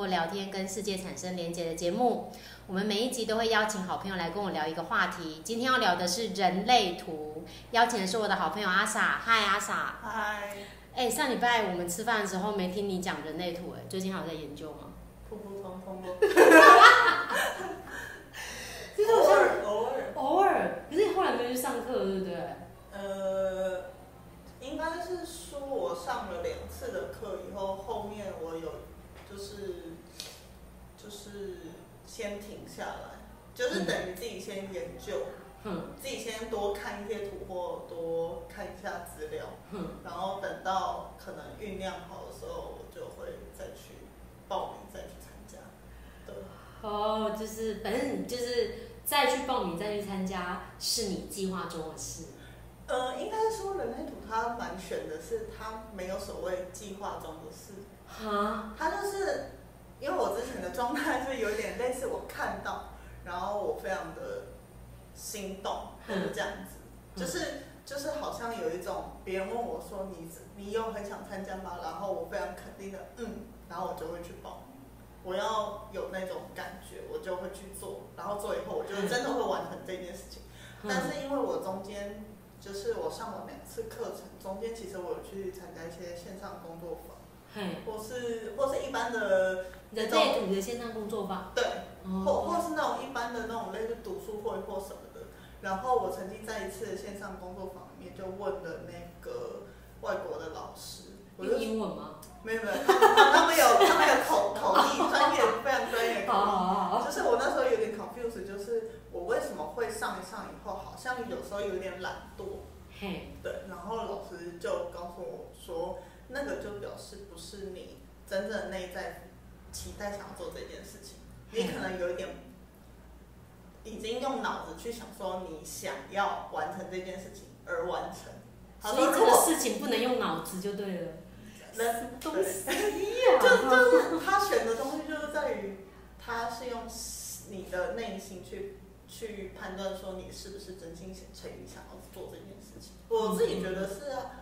或聊天跟世界產生連結的節目，我們每一集都會邀請好朋友來跟我聊一個話題。今天要聊的是人類圖，邀請的是我的好朋友阿傻。嗨，阿傻 Hi。嗨、欸。上禮拜我們吃飯的時候沒聽你講人類圖、欸，哎，最近還有在研究嗎？普普通通。其實我像是偶爾，偶爾。可是你後來沒去上課，對不對？呃，應該是說我上了兩次的課以後，後面我有就是。就是先停下來，就是等於自己先研究，嗯、自己先多看一些圖或多看一下資料，嗯、然後等到可能醞釀好的時候，我就會再去報名，再去參加。對哦，就是反正你就是再去報名再去參加是你計劃中的事。呃，應該說人類圖它蠻選的是，它沒有所謂計劃中的事哈，它、啊、就是。因為我之前的狀態是有點類似，我看到，然後我非常的心動，嗯、這樣子，就是就是好像有一種別人問我說你你有很想參加嗎？然後我非常肯定的，嗯，然後我就會去報名，我要有那種感覺，我就會去做，然後做以後我就真的會完成這件事情。嗯、但是因為我中間就是我上了兩次課程，中間其實我有去參加一些線上工作坊，嗯、或是或是一般的。在類你,種你的線上工作坊，對，嗯、或或是那種一般的那種類似讀書會或或什麼的。然後我曾經在一次的線上工作坊裡面，就問了那個外國的老師，用英文嗎？沒有沒有，他們有 他們有口口譯，專業 非常專業口譯就是我那時候有點 confuse 就是我為什麼會上一上以後，好像有時候有點懶惰。嘿、嗯，對，然後老師就告訴我說，那個就表示不是你真正的內在。期待想要做這件事情，你可能有一點已經用腦子去想，說你想要完成這件事情而完成。所以這個事情不能用腦子就對了，那東西就就是他選的東西，就是在於他是用你的內心去去判斷，說你是不是真心想、誠心想要做這件事情。嗯、我自己覺得是啊。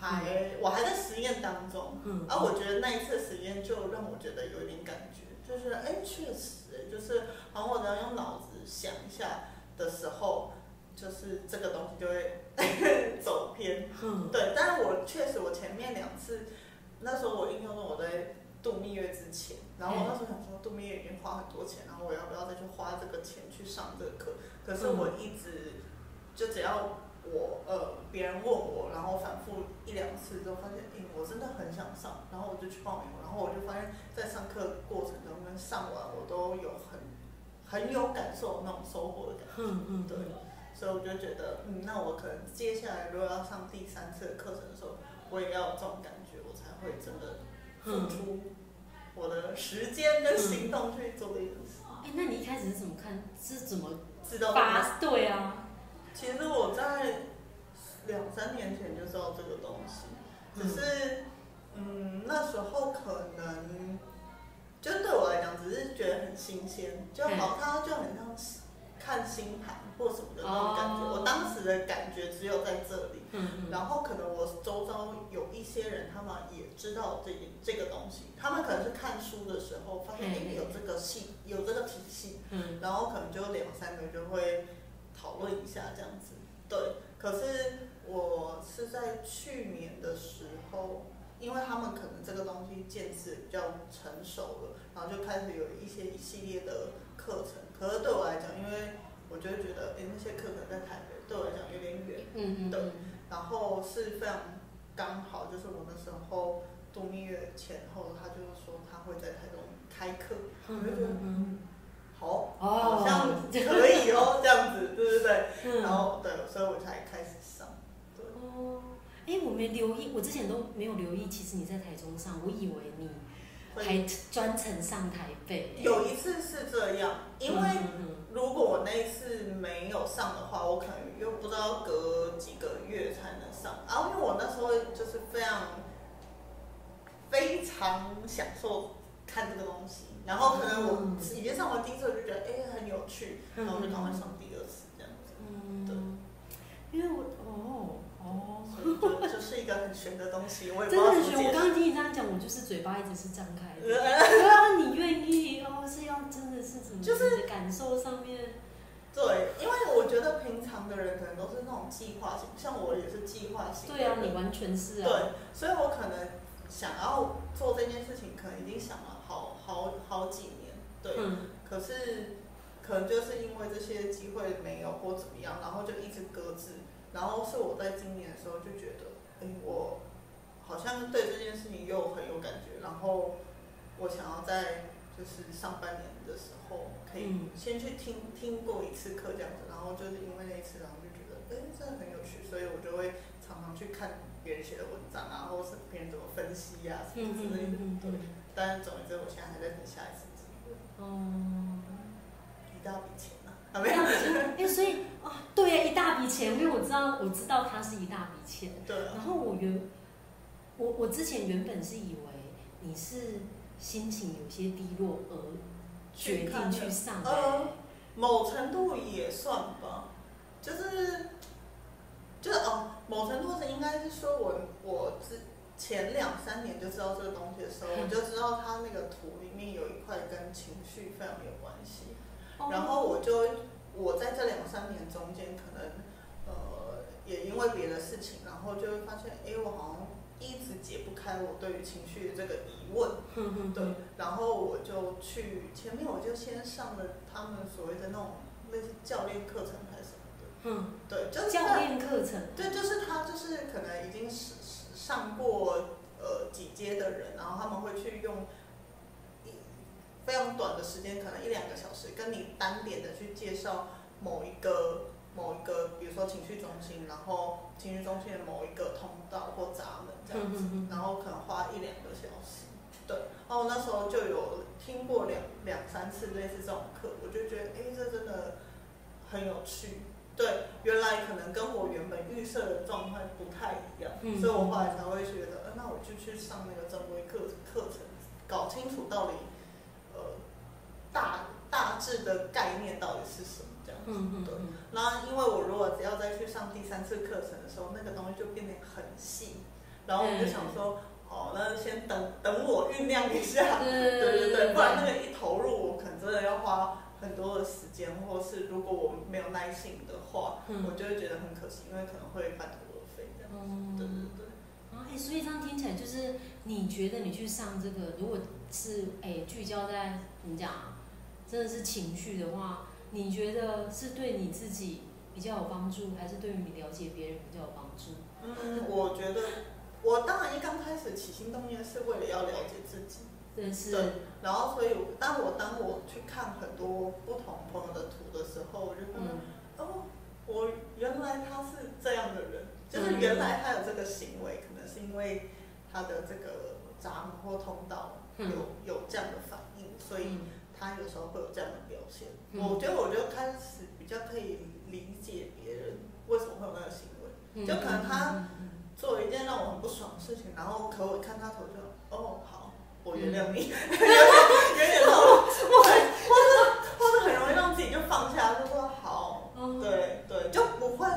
還、嗯、我還在實驗當中，嗯、而我覺得那一次實驗就讓我覺得有一點感覺，就是哎，確實，就是然後我只要用腦子想一下的時候，就是這個東西就會 走偏，嗯、對。但是我確實我前面兩次，那時候我印象中我在度蜜月之前，然後我那時候想說度蜜月已經花很多錢，然後我要不要再去花這個錢去上這個課？可是我一直就只要。我呃，別人問我，然後反覆一兩次之後，發現，嗯，我真的很想上，然後我就去報名，然後我就發現，在上課過程中跟上完，我都有很很有感受那種收穫的感覺。嗯嗯。對。嗯嗯、所以我就覺得，嗯，那我可能接下來如果要上第三次的課程的時候，我也要這種感覺，我才會真的付出我的時間跟行動去做這一件事。哎、嗯，那你一開始是怎麼看？是怎麼知道的？對啊。是嗯、只是，嗯，那時候可能，就對我來講，只是覺得很新鮮，就好像，他就很像看星盤或什麼的那種感覺。哦、我當時的感覺只有在這裡，嗯嗯、然後可能我周遭有一些人，他們也知道這個、這個東西，他們可能是看書的時候發現裡面有這個系，嗯、有這個體系，嗯、然後可能就兩三個就會討論一下這樣子，對。可是我是在去年的時候，因為他們可能這個東西漸次比較成熟了，然後就開始有一些一系列的課程。可是對我來講，因為我就覺得，哎，那些課程在台北對我來講有點遠的。嗯嗯嗯，然後是非常剛好，就是我那時候度蜜月前後，他就說他會在台中開課，因留意，我之前都沒有留意。其實你在台中上，我以為你還專程上台北、欸。有一次是這樣，因為如果我那一次沒有上的話，我可能又不知道隔幾個月才能上。然後、啊、因為我那時候就是非常非常享受看這個東西，然後可能我以前上完第一次我就覺得哎、欸、很有趣，然後我就趕快上第二次這樣子。嗯、對，因為我哦。哦，就、oh. 就是一個很玄的東西，我也不知道很玄。我剛剛聽你這樣講，我就是嘴巴一直是張開的。對啊、 哦，你願意，然後是要真的是怎麼就是感受上面。對，因為我覺得平常的人可能都是那種計劃型，像我也是計劃型。對啊，你完全是啊。對，所以我可能想要做這件事情，可能已經想了好好好幾年。對，嗯、可是可能就是因為這些機會沒有或怎麼樣，然後就一直擱置。然後是我在今年的時候就覺得，哎、嗯，我好像對這件事情又很有感覺。然後我想要在就是上半年的時候，可以先去聽聽過一次課這樣子。然後就是因為那一次，然後就覺得，哎，真的很有趣，所以我就會常常去看別人寫的文章，然後是別人怎麼分析呀、啊、什麼之類的。對，但是總而言之，之，我現在還在等下一次機會。哦，一大筆錢。這樣子，因為，所以啊，對呀、啊，一大筆錢，因為我知道，我知道它是一大筆錢。對、啊。然後我原，我我之前原本是以為你是心情有些低落而決定去上、嗯。呃，某程度也算吧，就是就是哦，某程度是應該是說我我之前兩三年就知道這個東西的時候，我就知道它那個圖裡面有一塊跟情緒非常有關係。然後我就我在這兩三年中間，可能呃也因為別的事情，然後就發現，哎，我好像一直解不開我對於情緒的這個疑問，對，然後我就去前面我就先上了他們所謂的那種類似教練課程還是什麼的，嗯，對，就是、教練課程，對，就是他就是可能已經是上過呃幾階的人，然後他們會去用。非常短的時間，可能一兩個小時，跟你單點的去介紹某一個、某一個，比如說情緒中心，然後情緒中心的某一個通道或閘門這樣子，然後可能花一兩個小時。對，然後那時候就有聽過兩兩三次類似這種課，我就覺得，哎、欸，這真的很有趣。對，原來可能跟我原本預設的狀態不太一樣，嗯、所以我後來才會覺得、呃，那我就去上那個正規課課程，搞清楚到底。大大致的概念到底是什麼？這樣子、嗯嗯嗯、對。那因為我如果只要再去上第三次課程的時候，那個東西就變得很細。然後我就想說，嗯嗯、哦，那先等等我醞釀一下。對對對，對，對對對，不然那個一投入。對對對，我可能真的要花很多的時間，或是如果我沒有耐心的話，嗯、我就會覺得很可惜，因為可能會半途而廢這樣子。嗯、對對對。哎、啊欸，所以這樣聽起來就是你覺得你去上這個，如果是哎、欸、聚焦在怎麼講啊？真的是情緒的話，你覺得是對你自己比較有幫助，還是對於你了解別人比較有幫助？嗯，我覺得我當然一剛開始起心動念是為了要了解自己，真的是對，然後所以當我當我去看很多不同朋友的圖的時候，我就覺得、嗯、哦，我原來他是這樣的人，就是原來他有這個行為，對可能是因為他的這個閘門或通道有、嗯、有這樣的反應，所以。嗯他有時候會有這樣的表現，嗯、我覺得我就開始比較可以理解別人為什麼會有那個行為，就可能他做了一件讓我很不爽的事情，然後可我看他頭就，哦，好，我原諒你，原諒我，我很 或者或者很容易讓自己就放下，就說好，對對，就不會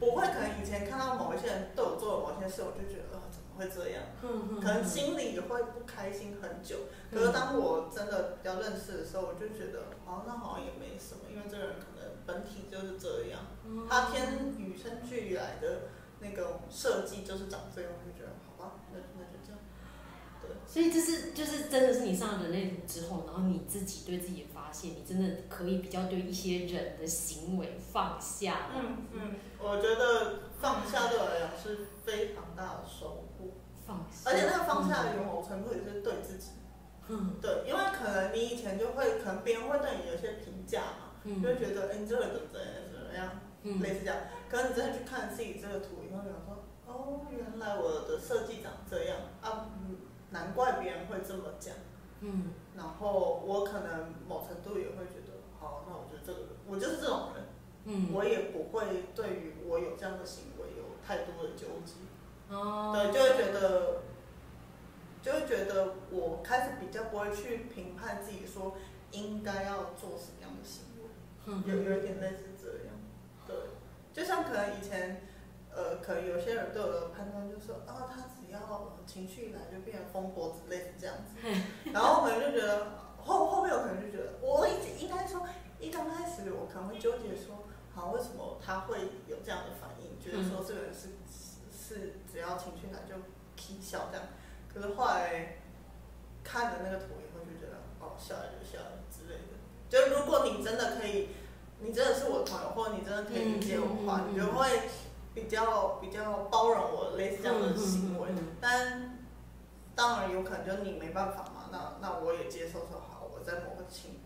不會，可能以前看到某一些人對我做了某些事，我就覺得。會這樣，可能心裡也會不開心很久。可是當我真的比較認識的時候，嗯、我就覺得，哦、啊，那好像也沒什麼，因為這個人可能本體就是這樣，嗯、他偏與生俱來的那個設計就是長這樣，我就覺得好吧，那那就這樣。對，所以這是就是真的是你上了人類圖之後，然後你自己對自己發現，你真的可以比較對一些人的行為放下，嗯嗯，嗯，我覺得。放下對我來講是非常大的收穫，放下，而且那個放下有某程度也是對自己，嗯、對，嗯、因為可能你以前就會，可能別人會對你有些評價嘛，嗯、就會覺得哎、欸，你這個怎麼這樣怎麼樣，嗯、類似這樣，可能你真的去看自己這個圖以後，你會覺得說，哦，原來我的設計長這樣啊，難怪別人會這麼講，嗯，然後我可能某程度也會覺得，好，那我覺得這個我就是這種人。嗯，我也不會對於我有這樣的行為有太多的糾結，哦，對，就會覺得，就會覺得我開始比較不會去評判自己，說應該要做什麼樣的行為，嗯、有有一點類似這樣，對，就像可能以前，呃，可能有些人對我的判斷就是說，啊、哦、他只要情緒一來就變成瘋婆子類似這樣子，然後可能就覺得後後面有可能就覺得，我一直應該說，一剛開始我可能會糾結說。好，為什麼他會有這樣的反應？覺、就、得、是、說這個人是、嗯、是，是只要情緒來就可以笑這樣，可是後來看着那個圖以後就覺得哦，笑了就笑了之類的。就如果你真的可以，你真的是我的朋友，或者你真的可以理解我的話，你就會比較比較包容我類似這樣的行為。嗯嗯嗯、但當然有可能就你沒辦法嘛，那那我也接受說好，我在某個情。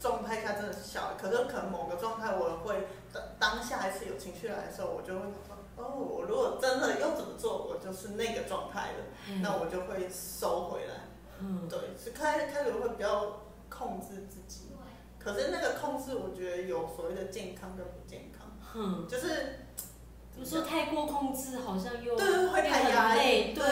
狀態下真的是小，可是可能某個狀態我會當當下一次有情緒來的時候，我就會說，哦，我如果真的要怎麼做，我就是那個狀態了，那我就會收回來。對，是開開始會比較控制自己，可是那個控制我覺得有所謂的健康跟不健康，嗯、就是怎麼說太過控制好像又對對會太壓抑，對。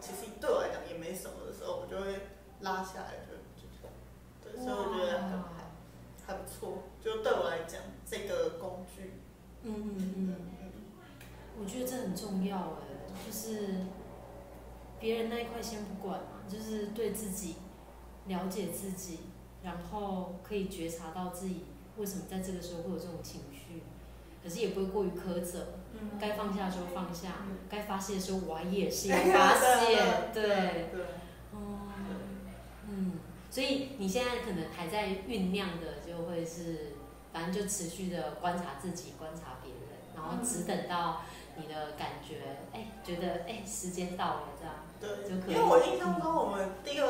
其實對我來講也沒什麼的時候，我就會拉下來，就就這樣。對，哇所以我覺得還還不錯。就對我來講，這個工具。嗯嗯嗯嗯，嗯。我覺得這很重要哎，就是別人那一塊先不管嘛，就是對自己了解自己，然後可以覺察到自己為什麼在這個時候會有這種情緒。可是也不會過於苛責，該放下的時候放下，該發洩的時候我也是要發洩，對，哦，嗯，所以你現在可能還在醞釀的，就會是，反正就持續的觀察自己，觀察別人，然後只等到你的感覺，哎，覺得哎時間到了這樣，對，因為我印象中我們第二。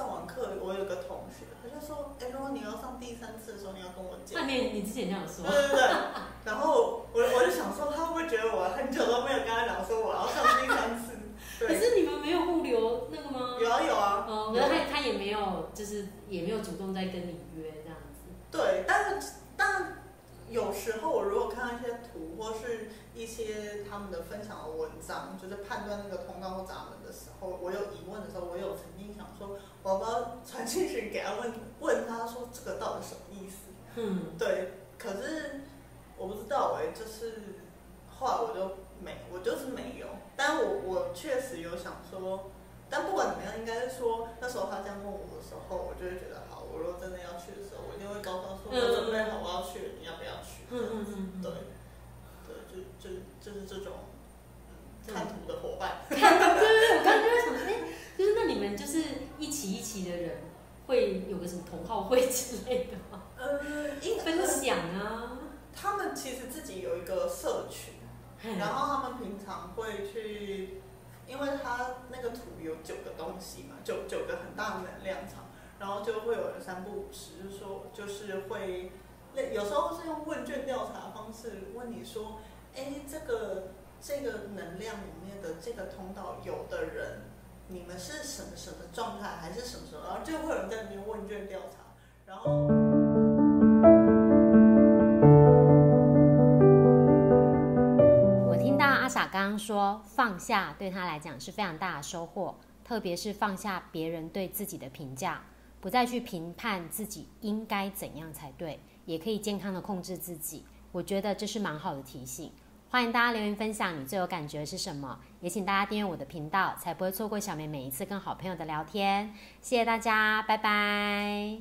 上網課，我有個同學，他就說：“哎、欸，如果你要上第三次的時候，你要跟我講。”面。你你之前這樣說？對對對。 然後我我就想說，他會不會覺得我很久都沒有跟他聊，說我要上第三次？可是你們沒有物流那個嗎？有啊有啊。哦、啊，可他、嗯、他也沒有，就是也沒有主動在跟你約這樣子。對，但是但有時候我如果看到一些圖或是。一些他們的分享的文章，就是判斷那個通道或閘門的時候，我有疑問的時候，我有曾經想說，我要不要傳訊息給他問問他說這個到底什麼意思？嗯，對。可是我不知道哎、欸，就是話我就沒，我就是沒有。但我我確實有想說，但不管怎麼樣，應該是說那時候他這樣問我的時候，我就會覺得好，我如果真的要去的時候，我一定會高高說，我準備好我要去，你要不要去？嗯嗯，對。就是這種看、嗯、圖的夥伴，對對對，我剛剛就在想，哎、欸，就是那你們就是一起一起的人，會有個什麼同好會之類的嗎？呃、嗯，分享啊，他們其實自己有一個社群，然後他們平常會去，因為他那個圖有九個東西嘛，九九個很大的能量場，然後就會有人三不五時，就是說就是會，那有時候是用問卷調查方式問你說。誒，這個這個能量裡面的這個通道，有的人，你們是什麼什麼狀態，還是什麼什麼，然後就會有人在那邊問卷調查。然後，我聽到阿傻剛剛說放下對他來講是非常大的收穫，特別是放下別人對自己的評價，不再去評判自己應該怎樣才對，也可以健康的控制自己。我覺得這是蠻好的提醒。歡迎大家留言分享你最有感覺的是什麼，也請大家訂閱我的頻道，才不會錯過小綿每一次跟好朋友的聊天。謝謝大家，拜拜。